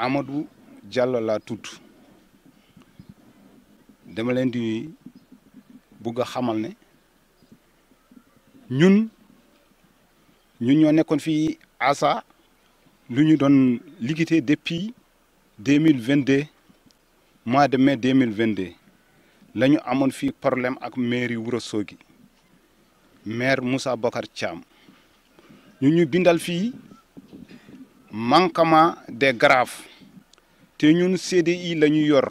Amadou Diallo laa tudd dama leen di bugg a xamal ne ñun ñun ñoo nekkoon fii ASA lu ñu doon liggéey depuis deux mille vingt deux mais de mais deux mille vingt deux la amoon fii problème ak mairie Wuro Sogi maire Moussa Bokar Thiam ñu ñu bindal fii manquement des graves te ñun CDI la ñu yor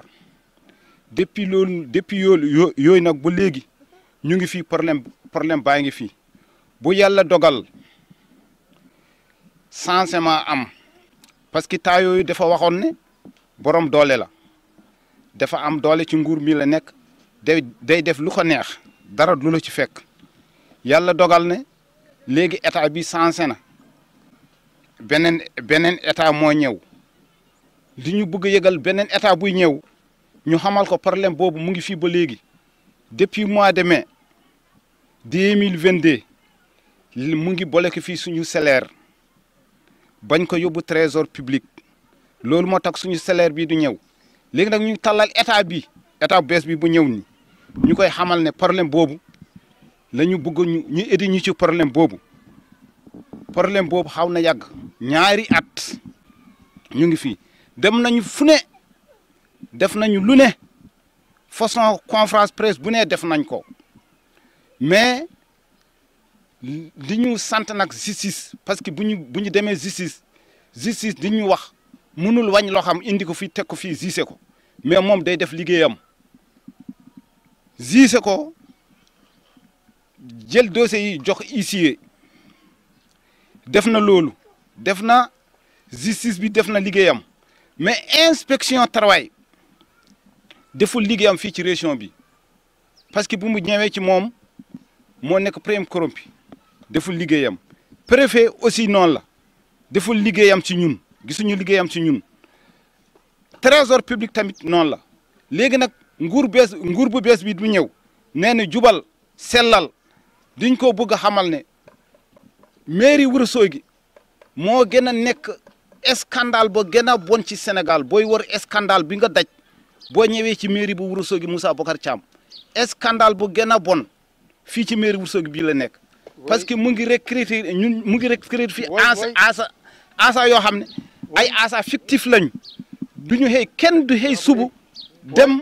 depuis loolu depuis yooyu yooyu nag ba léegi ñu ngi fii problème problème baa ngi fii bu yàlla dogal changement am parce que taa yooyu dafa waxoon ne borom doole la dafa am doole ci nguur mi la nekk day day def lu ko neex dara lu ci fekk yàlla dogal ne léegi état bi changé na beneen beneen état moo ñëw di ñu bëgg yëgal beneen état buy ñëw ñu xamal ko problème boobu mu ngi fii ba léegi depuis mois de mais deux mille vingt deux mu ngi bloqué fii suñu salaire bañ ko yóbbu trésor public loolu moo tax suñu salaire bii du ñëw léegi nag ñu tàllal état bi état bu bees bi bu ñëw ni ñu koy xamal ne problème boobu la ñu ñu ñu ñu ci problème boobu problème boobu xaw na yàgg ñaari at ñu ngi fii dem nañu fune def nañu lu ne façon conférence presse bu ne def nañ ko mais li ñu sant nak justice parce que buñu buñu démé justice justice di ñu wax mënul wàññi loo xam indi ko fi tek ko fi juge ko mais mom day def ligéyam juge ko jël dossier yi jox huissier def na lolu def na justice bi def na ligéyam mais inspection travail deful ligueyam fi ci région bi parce que bu mu ñëwee ci mom mo nek premier corrompu deful ligueyam préfet aussi non la deful ligueyam ci ñun gisunu ligueyam ci ñun trésor public tamit non la légui nak nguur bes nguur bu bi du ñëw néna jubal sellal diñ ko bëgg xamal né mairie Ourossogui moo gën a scandale ba gën a bon ci Sénégal booy war scandale bi nga daj boo ñëwee ci mairie bu wur Ourossogui Moussa Bocar Thiam scandale bu gën a bon fii ci mairie Ourossogui bii la nekk. parce que mu ngi recruter ñun mu ngi recruter fii. asa asa asa yoo xam ne. ay asa fictif lañ du ñu xëy kenn du xëy subu dem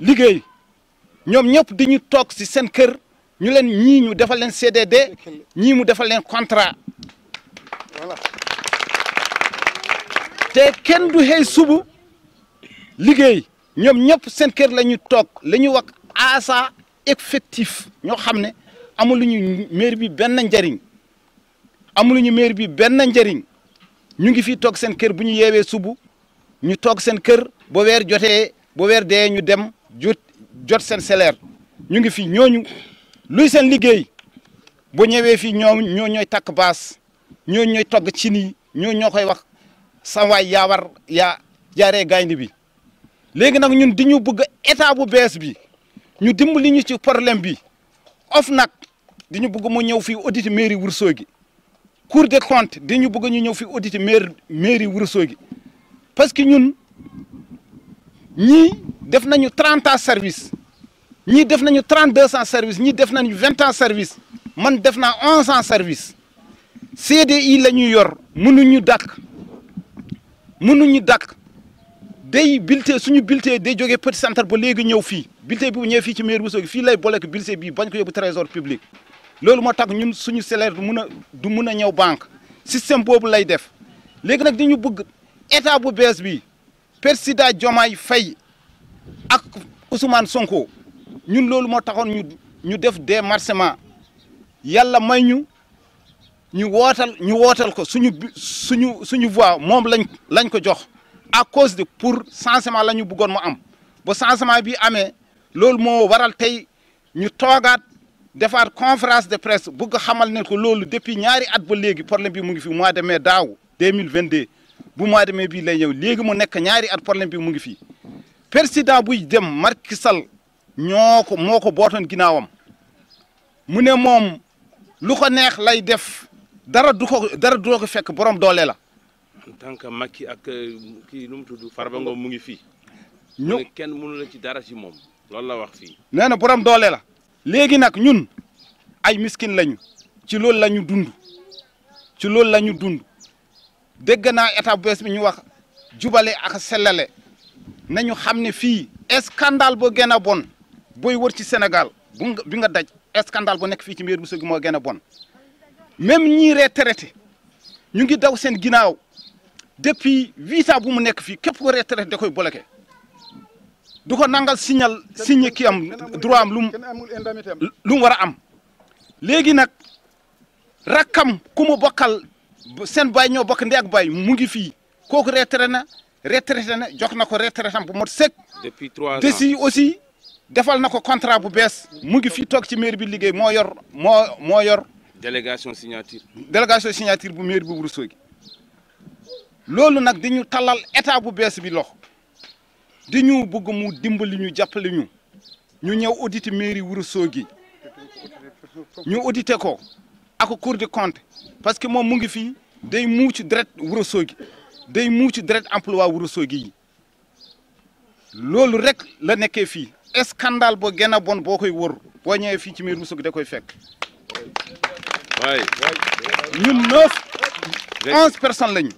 liggéey ñoom ñëpp dañu toog si seen kër ñu leen ñii ñu defal leen CDD ñii mu defal leen contrat. te kenn du xëy subu liggéey ñoom ñëpp seen kër lañu toog la ñu wax asa effectif ñoo xam ne amuluñu maire bi benn njariñ amuluñu maire bi benn njariñ ñu ngi fi toog seen kër bu ñu yeewee subu ñu toog seen kër ba weer jotee ba weer dee ñu dem jot jot seen salaire ñu ngi fi ñooñu luy seen liggéey bu ñëwee fii ñoom ñoo ñooy takk baas ñoo ñooy togg ci nii ñoo ñoo koy wax sa waay yaa war yaa jaaree gaynde bi léegi nag ñun di ñu bëgg état bu bees bi ñu dimbali ñu ci problème bi of nag di ñu bëgg mu ñëw fii audit mairie Ourossogui cour de comptes di ñu bëgg ñu ñëw fii audit maire mairie Ourossogui parce que ñun ñii def nañu trente ans service ñii def nañu trente deux ans service ñii def nañu vingt ans service man def naa onze ans service CDI la ñuy yor ñu dàkk. mënuñu dàq day bulletin suñu bulletin day joge petit centre ba léegi ñëw fii bulletin bi bu ñëwee fii ci mairie Ourossogui fii lay boole ak bulletin bii bañ ko yóbbu trésor public loolu moo tax ñun suñu salaire du mun a du mun a ñëw banque système boobu lay def léegi nag ñu bëgg état bu bees bi président Diomaye Faye ak Ousmane Sonko ñun loolu moo taxoon ñu ñu def démarchement yàlla may ñu. ñu wootal ñu wootal ko suñu suñu suñu voix moom lañ lañ ko jox à cause de pour changement la ñu bëggoon mu am ba changement bii amee loolu moo waral tey ñu toogaat defaat conférence de presse bëgg xamal ne ko loolu depuis ñaari at ba léegi problème bi mu ngi fi mois de mai daaw deux mille vingt deux bu mois de mai bii lay ñëw mo mu nekk ñaari at problème bi mu ngi fi président buy dem Macky Sall ñoo ko moo ko bootoon ginnaawam mu ne moom lu ko neex lay def. dara du ko dara du fekk borom doole la. en tant que ak euh, kii nu mu tudd Farba mu ngi fii. ño kenn mënu la ci dara si moom loolu la wax fii. nee na borom doole la. léegi nag ñun ay miskin lañu. ci loolu lañu dund ci loolu lañu ñu dund dégg naa état bees bi ñu wax jubale ak sellale nañu xam ne fii scandale boo gën a bon booy wër ci Sénégal nga bi nga daj scandale bu nekk fii ci mairie bu Oussogui moo gën a bon. même ñii retraité ñu ngi daw seen ginnaaw depuis huit ans bu mu nekk fii képp ko retraité da koy bloqué du ko nangal signal signé ki am droit am lu mu lu mu war a am léegi nag rakkam ku mu bokkal seen baay ñoo bokk ndey ak baay mu ngi fii kooku retraité na retraité na jox na ko retraité am bu mot sek depuis trois desi aussi defal na ko contrat bu bees mu ngi fii toog ci mairie bi liggéey moo yor moo moo yor délégation signature. délégation signature bu mairie bu Ourossogui loolu nag dañu talal état bu bees bi loxo di bugg bëgg mu dimbali ñu jàppale ñu ñu ñëw audité mairie Ourossogui ñu audité ko ak Cour des comptes parce que moom mu ngi fii day muuc deret Ourossogui day muuc deret emploi Ourossogui yi loolu rek la nekkee fii scandale boo gën a bon boo koy wër boo ñëwee fii ci mairie Ourossogui da koy fekk ñun neuf 11 personnes En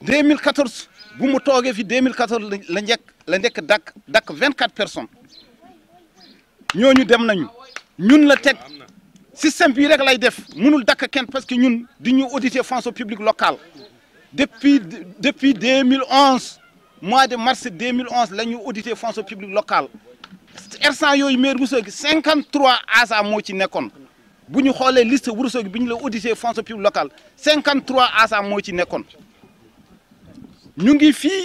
2014 bu mu toogee fi 2014 Nous avons 24 personnes Nous dem Nous ñun la système bi rek lay def mënul dak ken parce que ñun di ñu auditer fonction publique local. depuis depuis 2011 mois de mars 2011 nous auditer fonction publique locale instant yoy maire 53 asa mo ci bu ñu xoolee liste Ourossogui bi ñu la audité fonction publique locale 53 agents moo ci nekkoon ñu ngi fii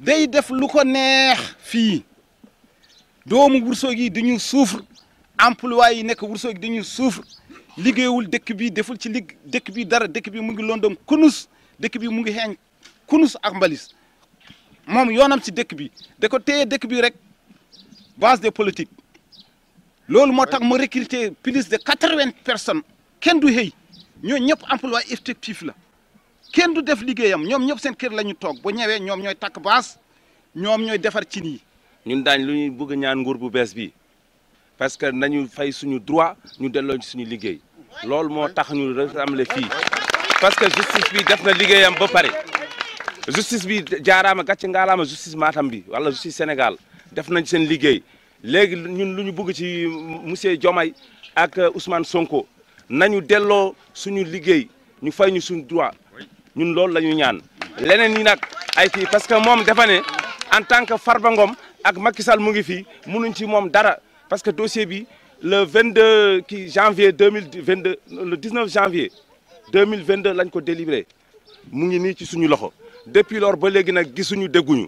day def lu ko neex fii doomu Ourossogui yi dañu souffre emploi yi nekk Ourossogui dañu souffre liggéeyul dëkk bi deful ci lig dëkk bi dara dëkk bi mu ngi londom kunus dëkk bi mu ngi xeeñ kunus ak mbalis moom yoonam ci dëkk bi da ko dëkk bi rek base de politique loolu moo tax ma recruter plus de quatre-vingts personnes kenn du xëy ñoo ñëpp emploi effectif la kenn du def liggéeyam ñoom ñëpp seen ker la ñu toog ba ñëwee ñoom ñooy takk baas ñoom ñooy defar cin yi ñun daañ lu ñuy bëgg ñaan nguur bu bees bi parce que nañu fay suñu droit ñu delloo ci suñu liggéey loolu moo tax ñu ramle fii parce que justice bi def na liggéeyam ba pare justice bi jaaraama gàcce ngaalaama justice Matam bi wala justice Sénégal def nañ seen liggéey léegi ñun lu ñu bëgg ci monsieur jomay ak Ousmane Sonko nañu delloo suñu liggéey ñu fay ñu suñu droit ñun loolu la ñu ñaan leneen ñi nag ay kii parce que moom dafa ne en tant que Farba Ngom ak Macky Sall mu ngi fii mënuñ ci moom dara parce que dossier bi le vingt 22 kii janvier 2022 le 19 janvier 2022 lañ ko délivré mu ngi nii ci suñu loxo depuis lor ba léegi nag gisuñu dégguñu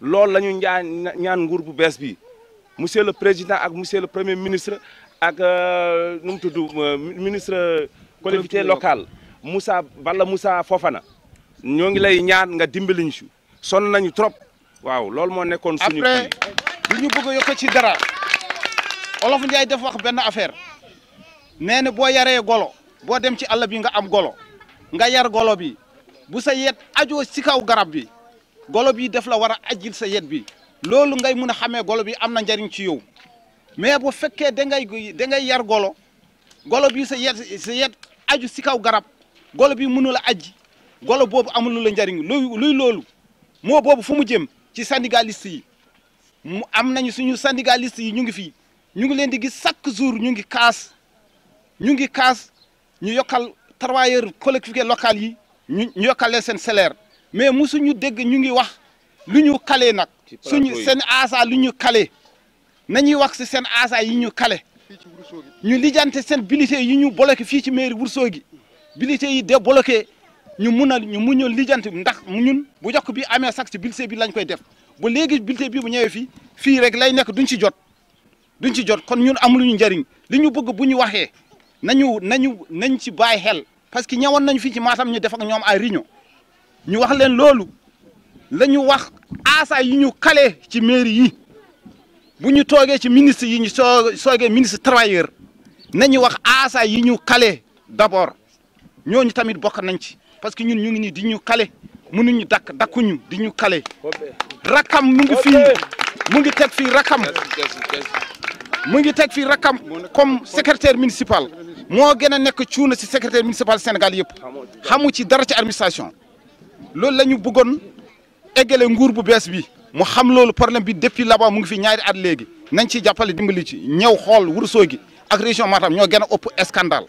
loolu la ñu ñaan ñaan nguur bu bees bi monsieur le président ak monsieur le premier ministre ak euh, num tuddu euh, ministre collectivité locale Moussa Balla Moussa Fofana ñoo ngi lay ñaan nga dimbali ñu son nañu trop waaw lool mo nekkon suñu après duñu bëgg yokk ci dara Olof Ndiaye def wax ben affaire nee bo yaré golo bo dem ci Allah bi nga am golo nga yar golo bi bu sa yet ajo ci kaw garab bi golo bi def la wara ajil sa yet bi loolu ngay mun a xamee golo bi am na njariñ ci yow mais boo fekkee da ngay da ngay yar golo golo bi sa yet sa yet aju si kaw garab golo bi mënul a aji golo boobu amul lu la njariñ luy loolu moo boobu fu mu jëm ci syndicaliste yi mu am nañu suñu syndicaliste yi ñu ngi fii ñu ngi leen di gis chaque jour ñu ngi kaas ñu ngi kaas ñu yokkal travailleur collectivité locale yi ñu ñu yokkal leen seen salaire mais musuñu dégg ñu ngi wax lu ñu kale nag suñu seen asa lu ñu kale nañuy wax si seen asa yi ñu kale ñu lijjante seen bulletin yi ñu bloqué fii ci mairie Ourossogui bulletin yi débloqué ñu mun a ñu mun a lijjante ndax ñun bu jokk bi amee sax ci bulletin bi lañ koy def ba léegi bulletin bi bu ñëwee fii fii rek lay nekk duñ ci jot duñ ci jot kon ñun amuluñu njëriñ li ñu bëgg bu ñu waxee nañu nañu nañ ci bàyyi xel parce que ñëwoon nañ fii ci Matam ñu def ak ñoom ay réunion ñu wax leen loolu la ñu wax aasa yi ñu kale ci mairie yi bu ñu toogee ci ministre yi ñu soo soogee ministre travailleur nañu wax aasa yi ñu kale d'abord ñooñu tamit bokk nañ ci parce que ñun ñu ngi nii di ñu kale mënuñu dakk dakkuñu di ñu kale rakam mu ngi fii mu ngi teg fii rakam mu ngi teg fii rakam comme secrétaire municipal moo gën a nekk cuuna si secrétaire municipal Sénégal yëpp xamu ci dara ci administration loolu la bëggoon eggale nguur bu bees bi mu xam loolu problème bi depuis là-bas mu ngi fi ñaari at léegi nañ ci jàppale dimbali ci ñëw xool Ourossogui ak région Matam ñoo gën a ëpp scandale